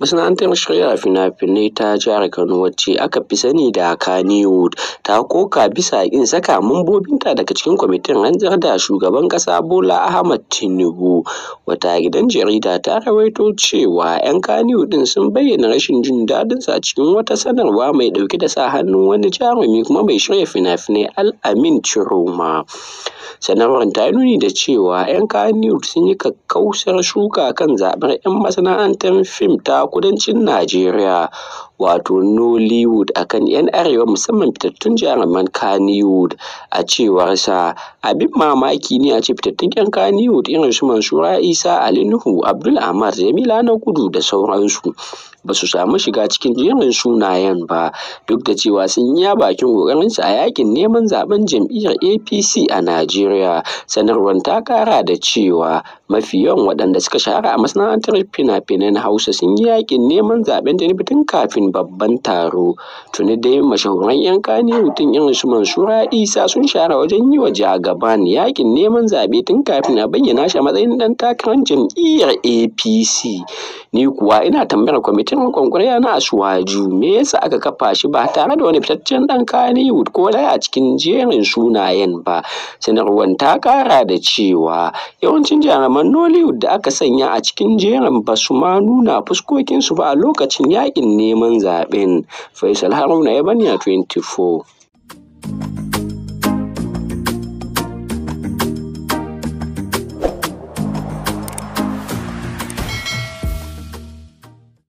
Masana'antar shirya fina-finai ta Jihar Kano wacce aka fi sani da Kannywood ta koka bisa in saka mambobinta daga cikin kwamitin rantsar da Shugaban kasa Bola ahmad Tinubu. Wata gidan jarida ta rawaito cewa ‘yan Kannywood ɗin sun bayyana rashin jin daɗin sa cikin wata sanarwa mai ɗauke da sa hannu wani jarumi kuma mai shirya fina-finai alamin chiroma. Sanarwar ta nuni da cewa ‘yan Kannywood sun yi kakkausar shuka kan zaɓar ‘yan masana'antar fim ta Kudancin Najeriya. wato Nollywood akan ‘yan arewa musamman fitattun jaruman Kannywood. A cewar sa, “Abin mamaki ne a ce fitattun ‘yan Kannywood irin su Mansura Isa, Ali Nuhu, Abdul Amad, Jamila na kudu da sauransu ba su samu shiga cikin jerin sunayen ba, duk da cewa sun yi ya bakin ƙoƙarinsu a yakin neman zaɓen jam'iyyar APC a Najeriya.” Sanarwar ta ƙara da cewa mafi yawan waɗanda suka shahara a masana'antar fina-finan Hausa sun yi yakin neman zaɓen Tinubu kafin babban taro, tuni dai mashahuran 'yan Kannywood mutum irin su mansura Isa sun share wajen yi wa Jagaban yaƙin neman zaɓe tun kafin a bayyana shi a matsayin ɗan takarar jam'iyyar APC. ni kuwa ina tambayar kwamitin riƙon ƙwarya na Asuwaju me yasa aka kafa shi ba tare da wani fitaccen ɗan Kannywood ko dai a cikin jerin sunayen ba sanarwar ta ƙara da cewa yawancin jaruman Nollywood da aka sanya a cikin jerin ba su ma nuna fuskokinsu ba a lokacin yaƙin neman zaɓen Faisal Haruna ya bani a 24